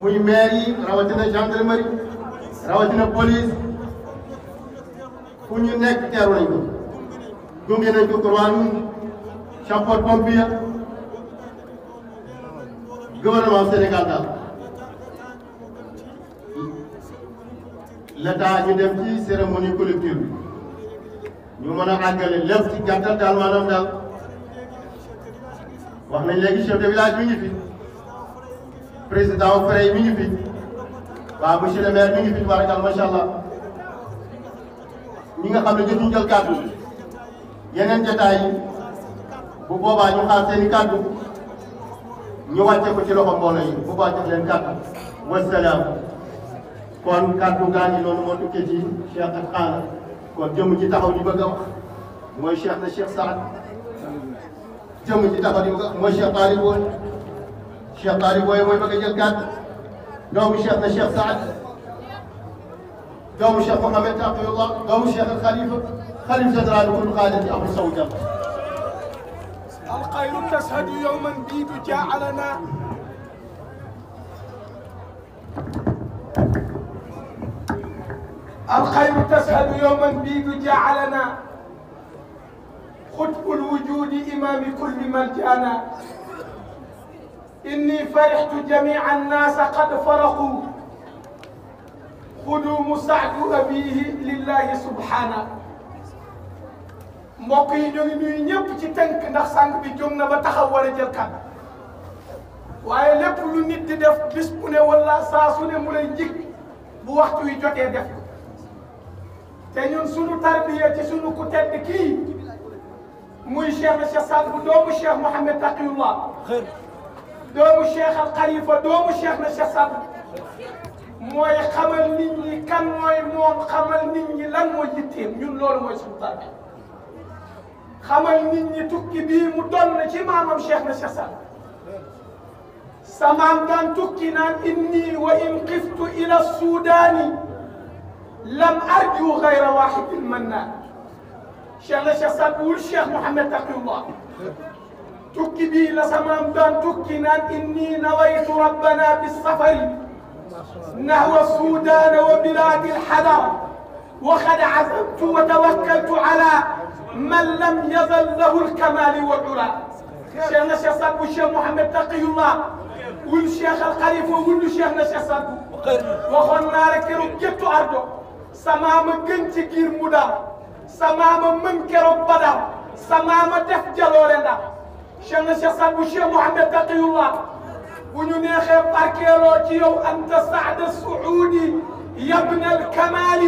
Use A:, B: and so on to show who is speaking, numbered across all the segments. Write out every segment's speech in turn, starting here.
A: Fui meri, rawatina gendarmerie rawatina police fu ñu nekk teeru nañ ko gunge nañ ko kurwaan sapeur pompier gouvernement Sénégal daal l'état ñu dem ci cérémonie collective
B: bi ñu mën a àggale lépp ci gàttal daal maanaam daal wax nañ léegi chef de
A: village bi ngi fi président wu Fere mi ngi fi waaw monsieur le maire mi ngi fi tubaarkal macha allah ñi nga xam ne jotuñu jël kàddu yeneen jotaay yi bu boobaa ñu xaar seen i kàddu ñu wàcce ci loxo mbooloo bu boobaa jox leen kàddu wasalaam kon kàddu gaa ngi noonu moo tukkee ci Cheikh ak xaana kon ji taxaw di bëgg a wax mooy Cheikh na Cheikh Saad jëmm ji taxaw di bëgg a wax mooy woon الشيخ طارق وي وي بقى جلكات قوم شيخنا الشيخ سعد قوم الشيخ محمد تقي الله قوم الشيخ الخليفة خليفة جدران وكل قادة أبو سوجة القيل تشهد يوما بيد جاء جعلنا
C: الخير تشهد يوما بيد جعلنا خطب الوجود إمام كل من جانا إني فرحت جميع الناس قد فرقوا خدوم سعد أبيه لله سبحانه موكي نيو نيو نيب سي تانك ناخ سانك بي جومنا با تاخاو ولا جيل كان وايي ليپ لو نيت دي ديف بيس بو ني ولا ساسو ني مولاي جيك بو وقت وي جوتي ديف تي نيون سونو تربيه تي سونو كو تيد كي موي شيخ الشيخ صالح دوم شيخ محمد تقي الله خير دوم الشيخ الخليفه دوم الشيخ نشاط موي خمال نيت ني كان موي موم خمال نيت ني لان موي ييتيم نون لول موي سون تاربي خمال نيت ني توكي بي مو دون سي الشيخ شيخ نشاط سامام كان توكي نان اني وان قفت الى السودان لم ارجو غير واحد منا شيخ نشاط بول شيخ محمد تقي الله تكي بي لسمام دان تكي نان إني نويت ربنا بالسفر نحو السودان وبلاد الحذر وقد عزمت وتوكلت على من لم يزل له الكمال والعلا شيخنا الشيخ صاحب والشيخ محمد تقي الله والشيخ الخليفة وكل شيخنا الشيخ صاحب وخونا لك رجبت أرضه سمام كنت كير مدار سمام منكر بدر سمام تفجلور لنا شن سيخ أبو محمد تقي الله ونحن نخي باركيلوجيو أنت سعد السعودي يا ابن الكمال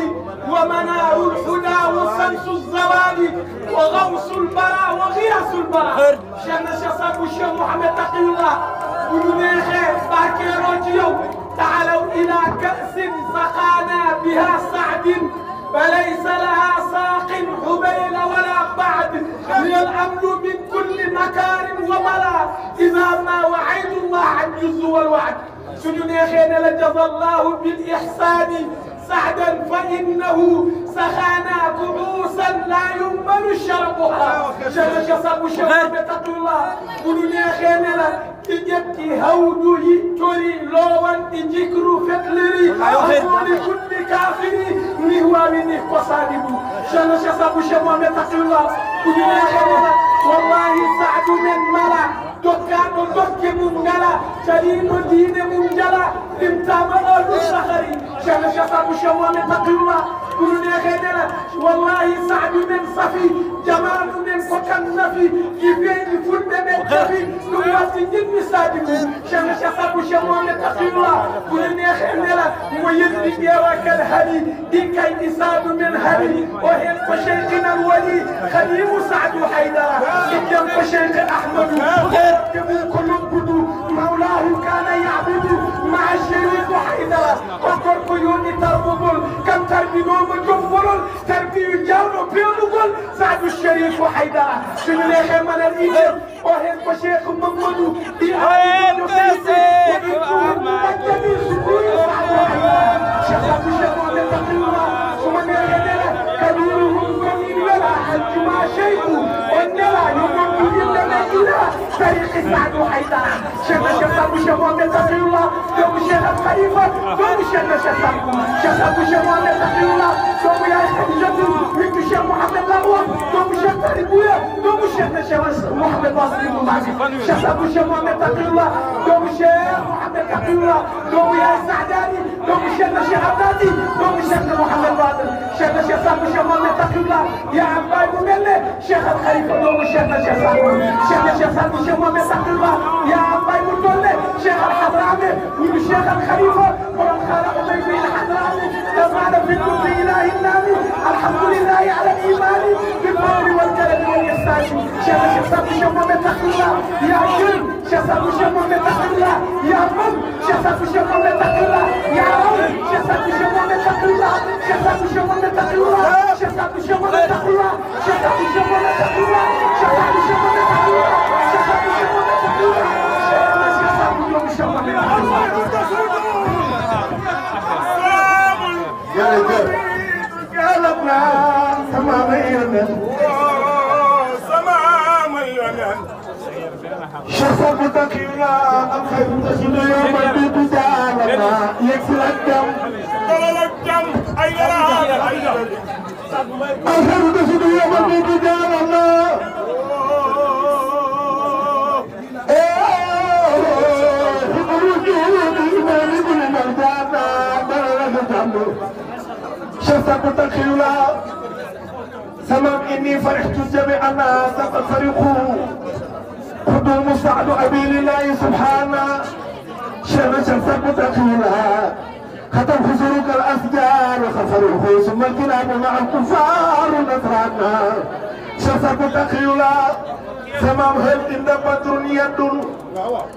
C: ومنار الهدى وسنس الزوال وغوص البراء وغياس البراء شن سيخ أبو محمد تقي الله ونحن نخي باركيلوجيو تعالوا إلى كأس سقانا بها سعد فليس لها ساق حبيل ولا بعد هي الامن من كل مكان وملا اذا ما وعيت الله عن الوعد والوعد يا خينا لجزى الله بالاحسان سعدا فانه سخانا كعوسا لا يمل شربها شرك صب شرب تقوى الله قولوا خينا ɗi ƴetti hawduhi tori lowanɗi jikru fetliri asoli kuɗɗi kafiri ni wawi ni kosani ɗum ceerno cheikh abou cheikh mohamed taqillah ujunaeɓoa wallahi saadu men mala dokkaɗo dokke mum ngala cariɗo diine mum jala ɗimtama ɗo ɗum sahari ceerno cheikh abou cheikh mohamed taqillah كلنا خدلا والله صعب من صفي جمال من فكان نفي كيفين فل من كفي نوما سجن مسادم شمس حق شمو متقيلا كلنا خدلا ويدني جوا كالهدي دين كاي تصاب من هدي وهي فشيخنا الولي خليم سعد حيدر سجن فشيخ احمد شريف وحيدرة suñu neexee mën a leader waxee ko Cheikh Mamadou di am Cheikh Mamadou العقيدة فريق سعد وحيدرة شباب شباب وشباب تقي الله دوم الشيخ الخليفة دوم الشيخ الشباب شباب وشباب تقي الله دوم يا حجة ويد الشيخ محمد الأقوى دوم الشيخ طارق ويا دوم الشيخ محمد واصل المبارك شباب وشباب تقي الله دوم الشيخ محمد تقي الله دوم يا السعداني دوم الشيخ الشيخ عبدالي دوم الشيخ محمد واصل قبله يا عباد مملة شيخ الخليفه دوم شيخنا شيخ سلمان شيخنا شيخ سلمان شيخ مامي قبله يا عباد مملة شيخ الحضرامي والشيخ الخليفه قران خالق بين الحضرامي تبعنا في الكل اله النامي
B: الحمد لله على الايمان
C: بالفضل والكرم والاحسان شيخنا شيخ سلمان شيخ مامي قبله يا كرم شيخ سلمان شيخ مامي يا من شيخ سلمان شيخ مامي يا رب شيخ سلمان شيخ مامي قبله شيخ سلمان شيخ مامي قبله شباب الشمال تقوى شباب الشمال تقوى شباب
B: الشمال تقوى شباب الشمال تقوى يا رجال يا لبنان تمامينا
D: شخصك يا أخي
B: يوم البيت يا
D: لبنان يكسر الدم طلع الدم أين رأى أشهد
B: تشهد يوم الدين قال الله
C: شفت قلت خيولا سمع إني فرحت جميعنا سقط فريقه قدوم سعد أبي لله سبحانه شمس سقط ختم الاسجار الأشجار وخفروه ثم الكلاب مع الكفار نصرانا شفق تقيلا سما هل عند بدر يدن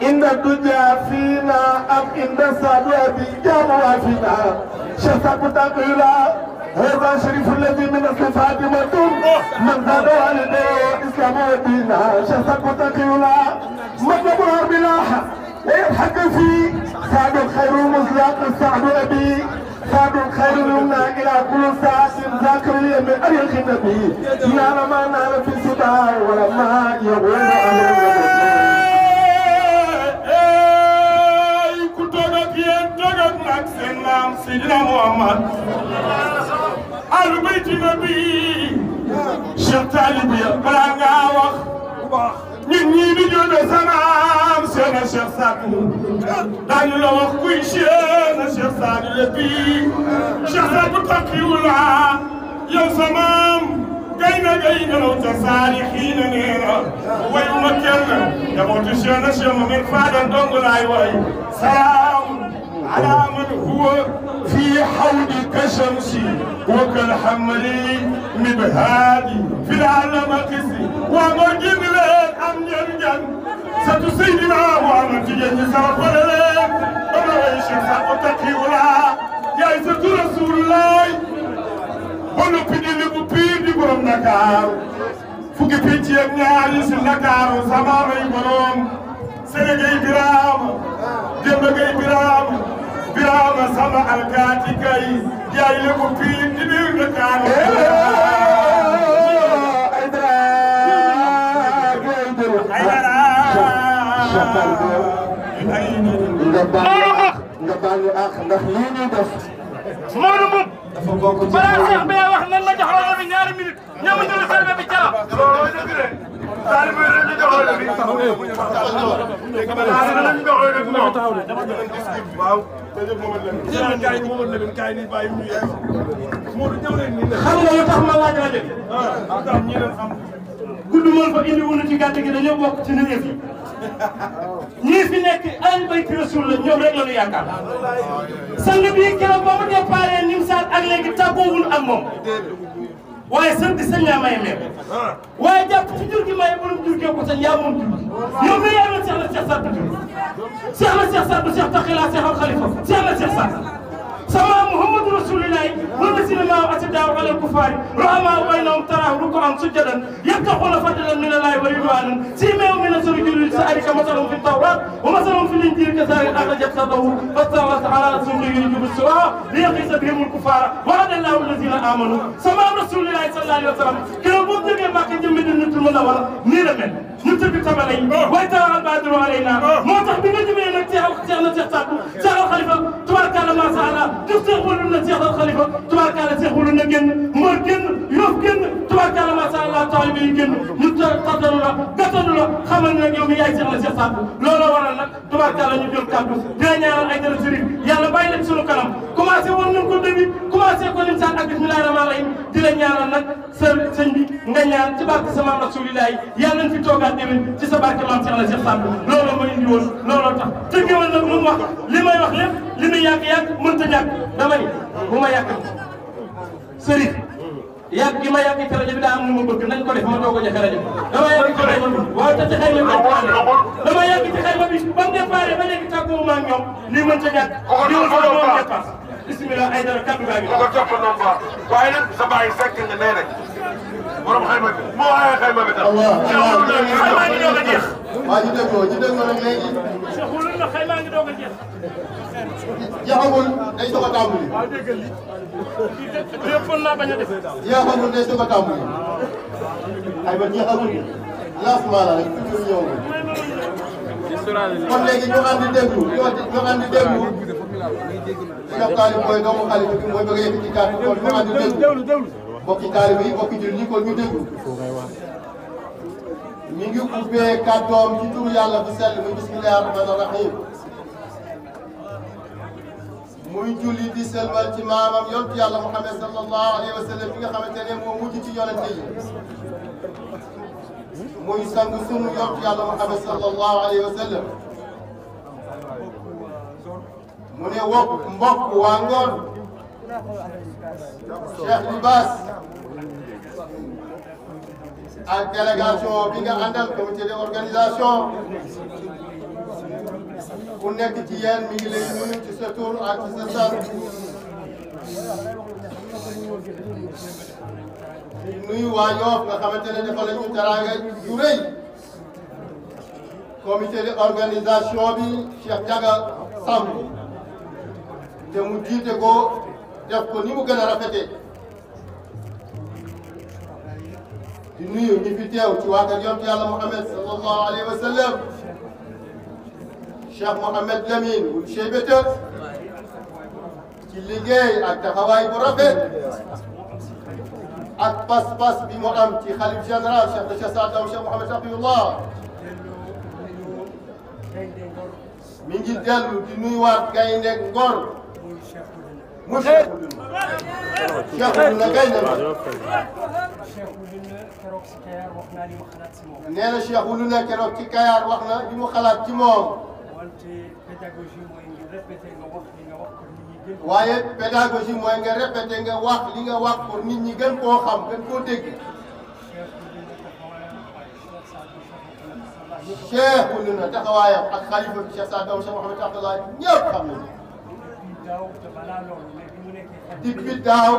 C: عند الدجى فينا أم عند الصلاة
D: جمع فينا شفق تقيلا هذا شريف الذي من الصفات مدن من زاد والده إسلام ودينا شفق تقيلا ذاك الصعب أبي صعب خير منا إلى كل ساعة ذاكر من أريخ النبي نال ما نال في سباع ولما يقول سيدنا محمد أهل بيت النبي شيخ طالب يا بلاغا واخ nit ñi di jóge sanaam seen a Cheikh Sadou dañu la wax kuy Cheikh na Cheikh Sadio Yeti Cheikh Sadio Taqiyullah yow sa maam gay na gay nelaw ca saalixiina nee na wayuma kenn njabootu Cheikh na Cheikh Mamed Fadal dong laay way salaam على من هو في حوض كشمسي وكالحمري مبهادي في العالم قسي وما جبلت
B: أم جنجن
D: ستسيدنا وأنا تجد سرق شفاعتك ولا يا عزة رسول الله بنو بيدي لبو بيدي بروم دكار فوكي بيتي ناري سي دكار زماني بروم سنغي برام دمغي برام برام سما الكاتي كاي يا لبو بيدي بروم دكار Bye. daañu àq ndax lii ñuy def. Modou Mboup. dafa bokk ci balaa Cheikh Mbaye
E: wax nan la jox rajo bi ñaari minute ñoom ñu ngi sëlbe bi Jalla. looloo dëgg de. Salick mooy lan la jox rajo bi. waaw. xam
D: nga lu tax ma laaj rajo bi.
E: gudd mën ko indi wuñu ci gàtt gi dañoo bokk ci nit yi. ñii fi nekk al bayti rasul la ñoom rek la ñu yaakaar sang bii keroog ba mu déparé Nimsaat ak léegi tàggoowul ak moom waaye sër bi sëñ yaa may mel waaye jàpp ci jur gi maye borom jur gi ko yaa moom jur yaa la Cheikh la Cheikh Saad Bou Cheikh la Cheikh Saad Bou Cheikh سواء محمد رسول الله والذين معه أشداء على الكفار رحماء بينهم تراهم ركعا سجدا يبتغون فضلا من الله ورضوانا سيماهم من سرجل السحر كمثلهم في التوراة ومثلهم في الإنجيل كزارع أخرج يفسده فاستوت على سوقه يجب السوء ليقيس بهم الكفار وعد الله الذين آمنوا سواء رسول الله صلى الله عليه وسلم كانوا بوب دغه مكه جëm bi dina tul mëna wala ni la mel bi xamalay waaye tawaxal baadiru alayna moo tax bi nga demee nag teexal teex na teex sàkku teexal xalifa tubaarkàlla macha allah def teex walul na teexal xalifa tubaarkàlla teex walul na génn moo génn yoof génn tubaarkàlla macha allah taxal bi génn ñu tattanu la gattanu la xamal nag yow mi yaay teex na teex sàkku looloo waral nag tubaarkàlla ñu jël kàddu dina ñaanal ay dara sëriñ yàlla bàyyi leen sunu kanam commencé woon nañ ko début commencé ko lim saan ak bismillahi rahmaan rahim di la ñaanal nag sëriñ sëñ bi nga ñaan ci barke sama rasulillahi yàlla nañ fi toogaat Serigne ci sa barke maam Cheikh la Cheikh Sall looloo ma indi woon looloo tax te ñëwal nag lu mu wax li may wax lépp li muy yàgg-yàgg mënta ñàkk damay bu ma yàgg Serigne yàgg gi ma yàgg ci rajo bi daa am lu ma bëgg nañ ko def ma doog a joxe rajo dama yàgg ci rajo bi waaw te ci xayma bi dama yàgg ci xayma bi ba mu départ ba léegi tàggoo ma ak ñoom lii mënta ñàkk ñëwal ko moom dépasse bisimilah ay dara kaddu gaa ngi ko topp waaye nag sa bàyyi
D: fekk nga nee rek borom xayma bi moo aaye xayma bi tax. waaw waaw xaymaa ngi doog a jeex.
B: waaw ñu dégloo ñu dégloo nag léegi.
E: seqalul na xaymaa ngi doog a jeex. jeexagul day soog a tàmbali. waaw dégg nga lii. lépp naa bañ a def. jeexagul
A: day soog a tàmbali. aywa jeexagul lancement la rek fi mu ñëw
B: kon léegi ñu andi déglu ñu ñu andi déglu Cheikh Talib mooy doomu xalifa bi mooy bëgg a yëkkati kàddu kon ñu andi
A: déglu. bokki taalibe yi bokki jullit ñi ko ñu déglu ñu ngi ubbee kàddoom ci turu yàlla bu sell muy bismillahi rahmaani rahim muy julli di selmal ci maamam yontu yàlla Muhammad sallallahu alayhi wa sallam bi nga xamante ne moo mujj ci yonente yi muy sang sunu yontu yàlla Muhammad sallallahu alayhi wa sallam mu ne wokk mbokk waa ngoon
B: Cheikh Libaas ak délégation bi nga àndal comité d'organisation
A: ku nekk ci yéen mi ci sa ak ci sa sant nuyu waa nga xamante ne dafa la ñu teraanga ju rëy comité d'organisation bi Cheikh Diaga te mu jiite ko def ko ni mu gën a rafetee di nuyu ñi fi teew ci waa kër yonent yàlla Muhammad sallallahu alayhi wa sallam Cheikh Mouhamed Lamine wul Cheybeta ci liggéey ak taxawaay bu rafet ak pas-pas bi mu am ci xalif général Cheikh de Cheikh Saad Bou Cheikh Mouhamed Safiullah mi ngi dellu di nuyuwaat gaynde Ngor خير شافوا لنا نانا شي يقولوا لنا كانوا كيكايا روحنا ديما خلاص تيمو waaye pédagogie mooy nga répété nga wax li nga wax pour nit ñi gën koo xam
B: gën koo dégg cheikh bu na
A: taxawaayam ak xalifa bi cheikh Saad Bou Cheikh Mouhamed Abdoulaye ñëpp xam nañu depuis daaw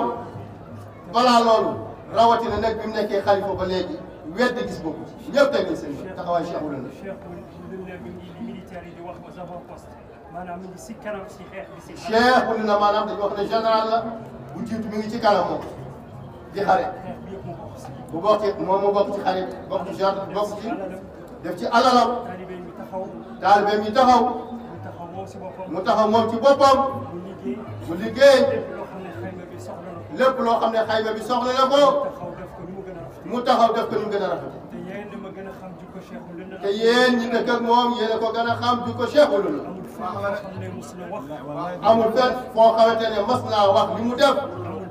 A: balaa loolu rawatina nag bi mu nekkee xalifa ba léegi wedd gis boobu ñëpp teg nañ seen bët taxawaay Cheikh Oulana
F: maanaam mi ngi si kanam si xeex bi si. Cheikh Oulana
A: maanaam dañu wax ne général la bu jiitu mi ngi ci kanam moom di xare bu bokk ci moom mu bokk ci xare bokk ci genre bokk ci def ci alalam
F: taalibe mi taxaw mu
A: taxaw moom ci boppam. mu liggéey lépp loo xam ne xayma bi soxla na ko mu taxaw def ko ñu gën a rafet te yéen ñi nekk ak moom yéen a ko gën a xam ju ko Cheikhul Lula amul fenn foo xamante ne mas naa wax li mu def.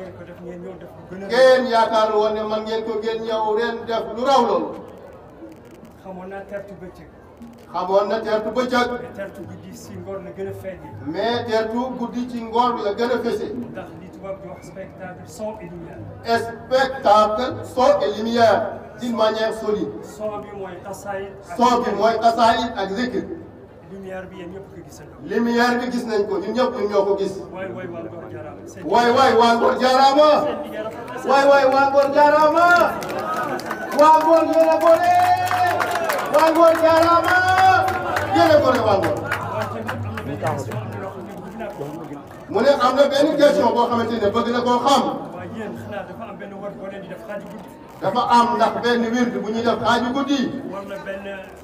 F: ngeen ko def a. ngeen
A: woon ne man ngeen ko ngeen ñëw ren def lu raw loolu.
F: xamoon naa tertu bëccëg.
A: xamoon na tertu bëccëg.
F: mais tertu guddi ci ngoor la gën a feeñ. mais tertu guddi ci ngoor la a fese. li tubaab di wax spectacle son et lumière. spectacle
A: son bi
F: mooy tasaayit. son bi ak lumière bi yéen ñëpp ko gis nañ ko.
A: lumière gis nañ ko ñun ñëpp ñun ñoo ko gis. waay
F: waay waa Ngor jaaraama. waay waay
A: waa Ngor jaaraama. waay waay waa Ngor jaaraama. waa Ngor yéen a boole. waa Ngor jaaraama. yéen a boole waa Ngor. mu ne am na benn question boo xamante ne bëgg na koo xam. dafa am e benn wird bu ñuy def
F: xaaju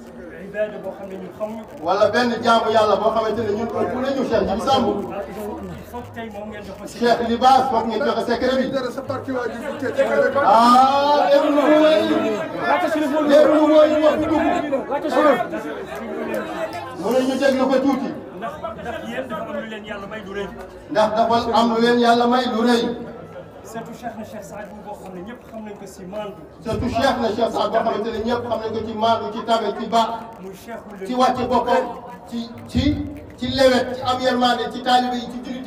F: ibaada boo xam ne ñun
B: xamuñu ko.
A: wala benn jaamu yàlla boo xamante ne ñun ëpp nañu Cheikh Jim Samb.
B: Cheikh Libaas foog ngeen joxe secret bi. ah
A: déglu mooy déglu mooy ñu wax dugg.
F: mu ne ñu déglu ko tuuti.
A: ndax dafa am lu am lu leen yàlla may lu
F: surtout Cheikh na Cheikh ne xam nañ ko si mandu surtout Cheikh na Cheikh Saad boo chef ne xam nañ ko ci mandu ci tabe ci ba
A: ci ci ci ci lewet ci am yërmande ci yi ci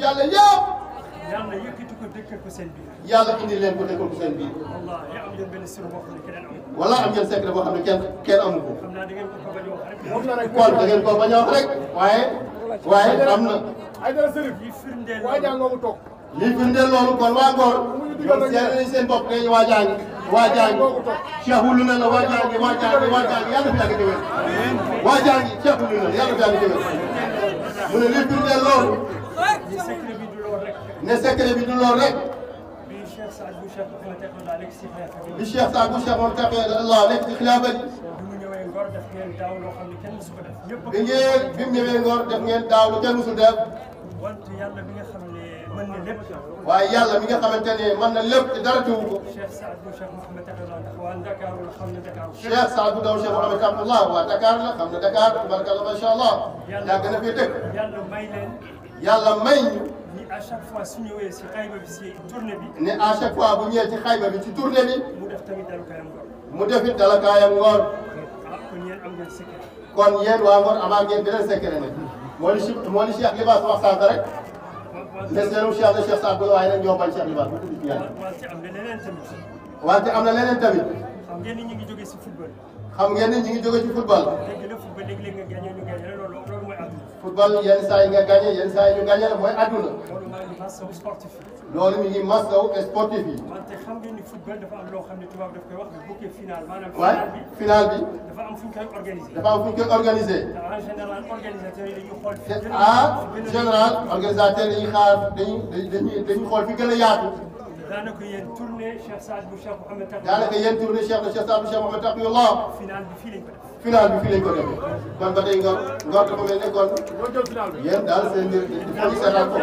F: ko qui ko seen biir indi leen ko dëkkal ko seen biir wala
A: am ngeen sir secret ne kenn amu ko
F: xamna da ngeen ko bañ wax rek kon
A: da ngeen ko bañ
B: wax rek amna ay
F: dara serif
A: li firndeel loolu kon waa Ngor seet nañ seen bopp ngay waa jàng waa jàng cheikhulu na la waa jàng waa jàng waa jàng yàlla fi yàgg te wér waa jàng cheikhulu na la yàlla fi yàgg te wér
B: mu ne li firndeel loolu
F: ne secret bi du loolu rek bi Cheikh Saad Bou Cheikh Mountakha nekk ci xilaafa e bi bi ngeen bi mu ñëwee Ngor def ngeen daaw kenn musul def wante yàlla bi nga xam waaye yàlla mi nga xamante
A: ne mën na lépp te dara teewu
F: ko. Cheikh Saadou Cheikh Mouhamed Abdallah waa Dakar la xam na Dakar. Cheikh Saadou Daw Cheikh Mouhamed Abdallah waa Dakar
A: la xam na Dakar tabarakallah
F: macha allah. yàgg na fi dëkk. yàlla may leen. yàlla may ñu. ni à chaque fois su ñëwee si xayma bi si tournée bi. ne à chaque fois
A: bu ñëwee ci xayma bi ci tournée bi.
F: mu def tamit dalakaayam ngoor.
A: mu def it dalakaayam ngoor.
F: kon yéen am ngeen secret.
A: kon yéen waa Ngor amaa ngeen beneen secret nag. moo li si moo li si ak li baas wax sànq rek. des na lu Cheikh de Cheikh Saad Bou waaye nag ñoo bañ Cheikh Ibrahima bu am na leneen tamit. xam ngeen ni ñu ngi jóge ci football. la
F: football léeg-léeg nga gagné ñu
A: gagné saa yi nga saa yi ñu gagné mooy àdduna.
F: loolu ñu ngi masaw sportif yi. wante xam xam ne tubaab daf koy wax bu bokkee final maanaam. final bi final bi. dafa am fu ñu koy organisé. dafa am fu yi dañuy xool. en ah, général organisateurs
A: fi gën a yaatu.
F: daanaka yéen tournée Cheikh Saad bu Cheikh Mouhamed Taqi. daanaka yéen tournée Cheikh Cheikh Saad bu Cheikh Mouhamed Taqi Allah. final bi fii lañ ko def.
A: final bi fii lañ ko def kon ba tey nga ngor dafa mel ne kon yéen daal seen mbir dañu seetaan ko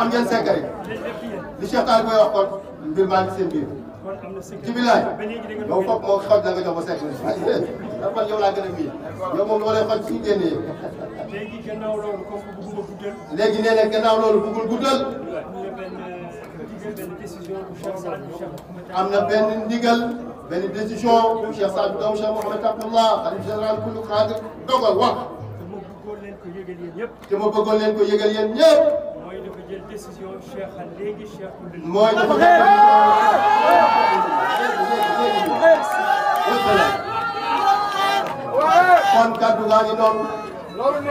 A: am ngeen secret li Cheikh Tall booy wax kon mbir maa ngi seen biir. jibilaay yow foog moo xoj da nga jox ma secret man yow laa gën a miin yow moom moo lay xoj suñu génnee.
F: léegi gannaaw loolu comme que bëgguma guddal. léegi nee na gannaaw loolu bëggul guddal. am na benn
A: ndigal benn décision bu Cheikh Saad Bou Cheikh Mouhamed Abdallah xalif général kullu xaadir dogal wax
F: te ma bëggoon leen ko yëgal yéen ñëpp mooy dafa jël décision Cheikh léegi Cheikh mooy dafa
A: kon kaddu gaa ngi noonu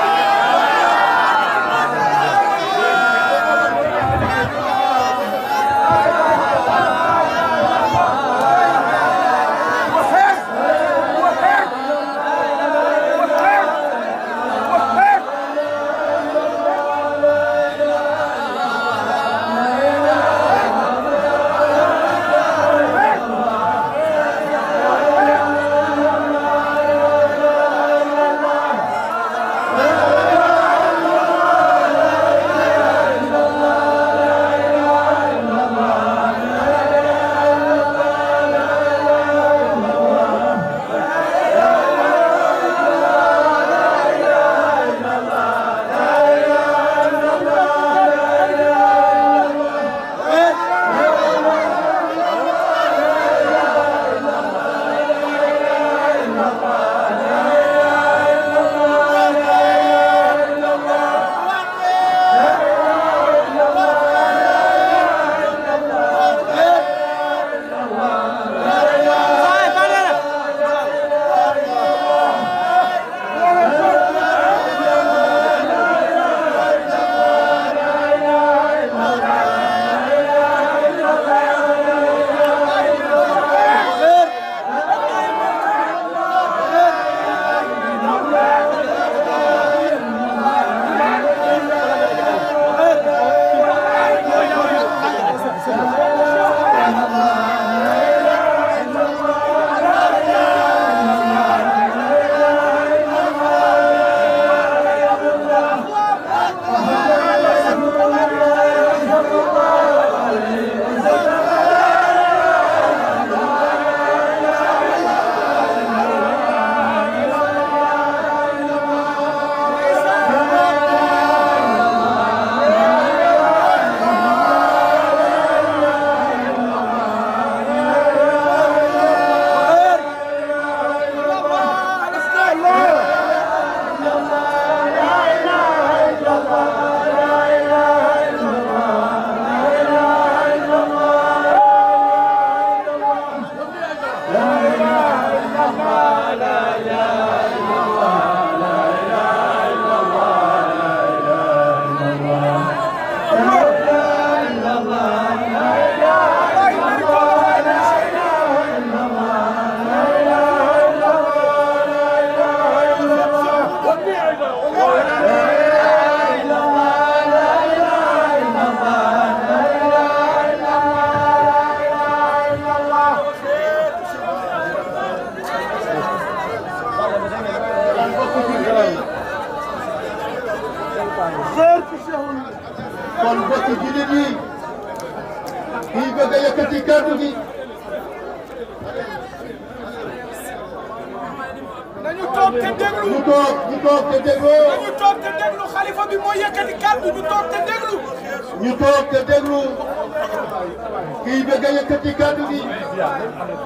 B: كيف قال لك كاتبي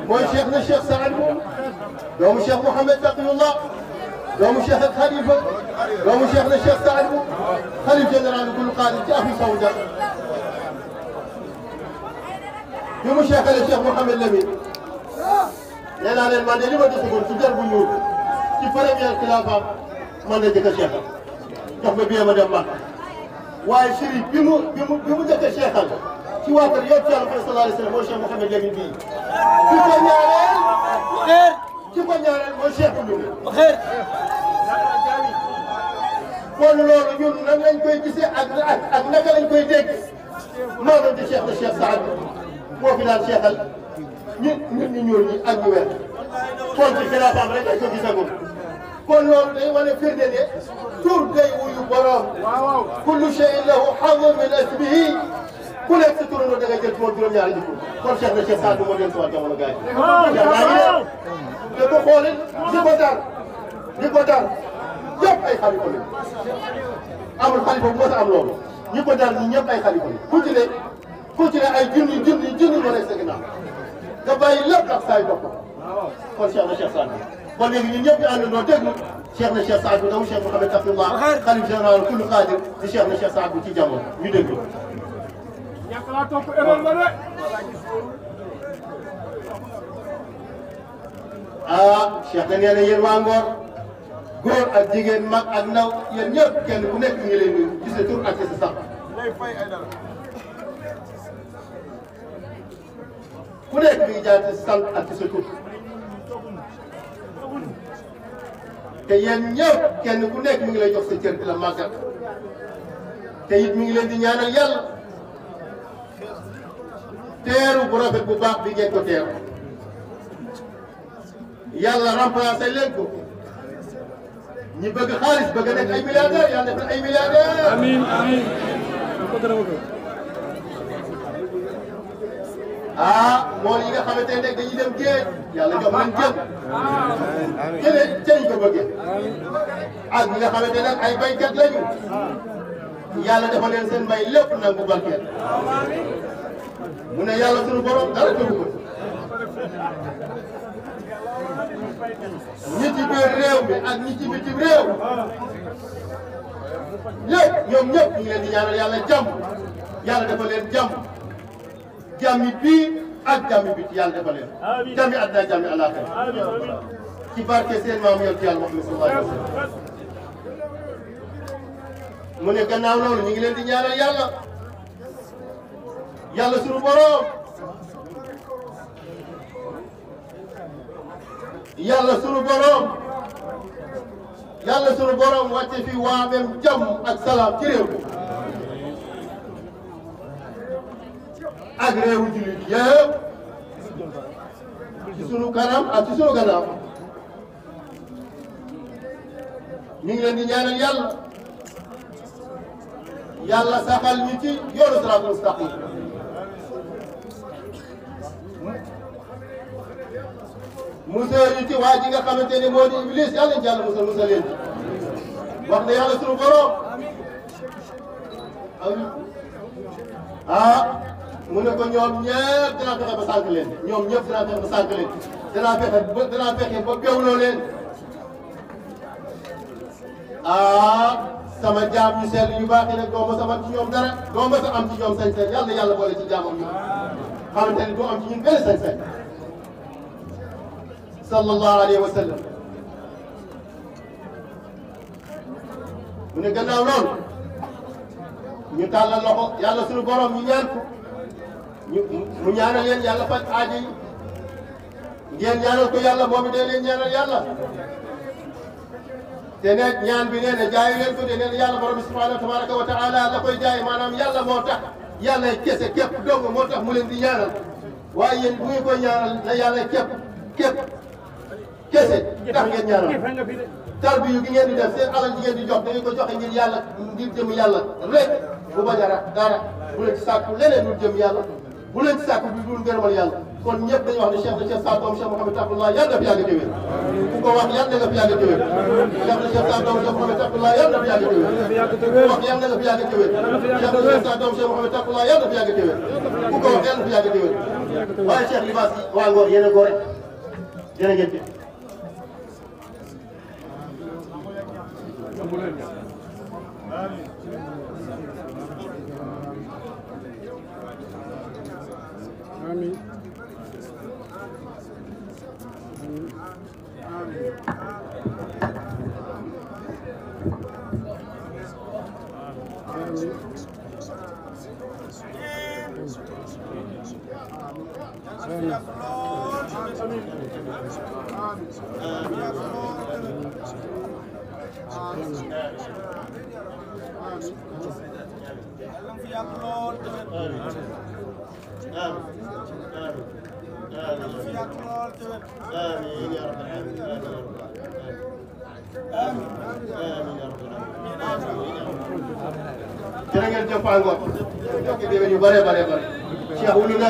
B: مول شيخنا الشيخ سعد مول
A: يوم الشيخ محمد تقي الله يوم الشيخ الخليفه يوم شيخنا الشيخ سعد مول خليفه جنرال كل قائد جاء في سوداء يوم الشيخ الشيخ محمد لمين يا لا لما دلي ما تقول سجل بنيوك تفرق بين الخلافه ما نجيك الشيخ تحمي بيها مدام ما واي شريف بيمو بيمو بيمو جاك الشيخ كي واتر يوم صلى الله عليه وسلم وش محمد يمين بي كي كون يارين خير كي كون يارين وش يحكمون خير كون لولو يوم نم لن كوي أدنك لن كوي ديك ما رد الشيخ الشيخ سعد وفي الآن الشيخ نن نيورني أدنوين كون في خلاف أمريكا كي تساقون كون لولو دي وانا فردي دي تور دي كل شيء له حظ من اسمه ku nekk sa turandoo dangay jël moom juróom-ñaari jikko kon Cheikh na Cheikh Saad Bou moo dellu si waat jamono gars yi. Ah, te bu xoolee ñi ko dar ñi ko dar yëpp ay xalifa lañ amul xalifa bu mos a am loolu ñi ko dar ñi ñëpp ay xalifa lañ ku ci ne ku ci ne ay junni junni junni ñoo nekk sa ginnaaw nga bàyyi lépp ak saa yu bopp kon Cheikh na Cheikh Saad Bou ba léegi ñun ñëpp ñu àndandoo déglu Cheikh na Cheikh Saad Bou daw Cheikh Mouhamed Taqiyullah xalif général kullu xaadir di Cheikh na Cheikh Saad Bou ci jamono ñu déglu
B: xanaa topp erreur la de.
A: da ngeen a waa Ngor góor ak jigéen mag ak ndaw yéen ñëpp kenn ku nekk ngi leen di ak sa sax. ku nekk mi ngi jaay ci sant ak ci sa te yéen ñëpp kenn ku nekk mi ngi lay jox sa cër di la màggal te it mi ngi leen di ñaanal yàlla. teeru bu rafet bu baax bi ngeen ko teeru yàlla remplacé leen ko
E: ñi bëgg xaalis bëgg nekk ay milliardaires yàlla def na ay milliardaires. amiin amiin. ah
A: mool yi nga xamante ne dañuy dem géej yàlla jox leen jën. jëlee jëriñ ko bëggee. ak ñi nga xamante ne ay baykat lañu. yàlla defal leen seen mbay lépp nangu barkeel. mu ne yàlla sunu borom dara tëbu
B: ko ñi ci biir réew mi ak
A: ñi ci bitim réew ñëpp ñoom ñëpp ñu ngi leen di ñaanal yàlla jàmm yàlla dafa leen jàmm jàmmi bii ak jàmmi bi ci yàlla dafa leen jàmmi àddina jàmmi àllaaxira ci mu ne gannaaw loolu ñu ngi leen di ñaanal yàlla yàlla sunu boroom yàlla sunu boroom yàlla sunu boroom wàcce fi ak salaam ci réew ak réewu jullit yëpp
B: ci sunu kanam
A: ak sunu gannaaw ñu ngi leen di ñaanal yàlla yàlla saxal ñu ci yoonu siraatul mustaqim musal ñu ci waa ji nga xamante ne moo di iblis yàlla nañu yàlla musal musal leen
B: wax na yàlla suñu borom
A: ah mu ne ko ñoom ñëpp dinaa fexe ba sànq leen ñoom ñëpp dinaa fexe ba sànq leen dinaa fexe ba dinaa fexe leen ah sama jaam ñu seetlu ñu baaxee nag doo ma sama ci ñoom dara doo ma sa am ci ñoom sañ-sañ yàlla yàlla boole ci jaamam ñu xamante ne doo am ci ñun benn sañ-sañ. sallallahu aleyhi ve sellem. mu ne gannaaw loolu ñu tàllal loxo yàlla suñu borom ñu ñaan ko ñu mu ñaanal leen yàlla faj aajo ngeen ñaanal ko yàlla moom it day leen ñaanal yàlla te ne ñaan bi nee jaay leen ko de nee na yàlla borom bi subhanahu tabaraka wa taala la koy jaay maanaam yàlla moo tax yàlla kese képp dong moo tax mu leen di ñaanal waaye yéen bu ngeen koy ñaanal na yàlla képp képp kese tax ngeen ñaanal tarbiyu gi ngeen di def seen alal ji ngeen di jox da ngeen ko joxe ngir yàlla ngir jëm yàlla rek bu bañ a dara bu leen ci sàkku leneen lu jëm yàlla bu leen ci sàkku bi dul ngërëmal yàlla kon ñëpp dañuy wax ne Cheikh na Cheikh Sadou Cheikh Mouhamed Takullah yàlla na fi yàgg a déwén ku ko wax yàlla na fi yàgg a déwén Cheikh na Cheikh Sadou Cheikh Mouhamed Takullah yàlla na fi yàgg a déwén wax yàlla na fi yàgg a déwén Cheikh na Cheikh Sadou Cheikh Mouhamed Takullah yàlla na fi yàgg a déwén ku ko wax yàlla na fi yàgg a déwén waaye Cheikh Libaas yi waa Ngor yéen a góor rek jërëjëf
B: Amen. Amen. yàlla fi yàgg lool
A: jërëjëf Pangor jokki dégg ñu bare bare bare
B: Cheikh wulu na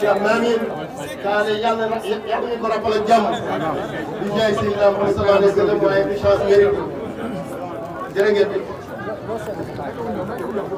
B: Cheikh Mamin
A: kaane yàlla na yàlla ñu ko rappal ak jàmm di jaay si naam sallallahu alayhi wa sallam waaye bi chance mérite
B: jërëjëf 是的。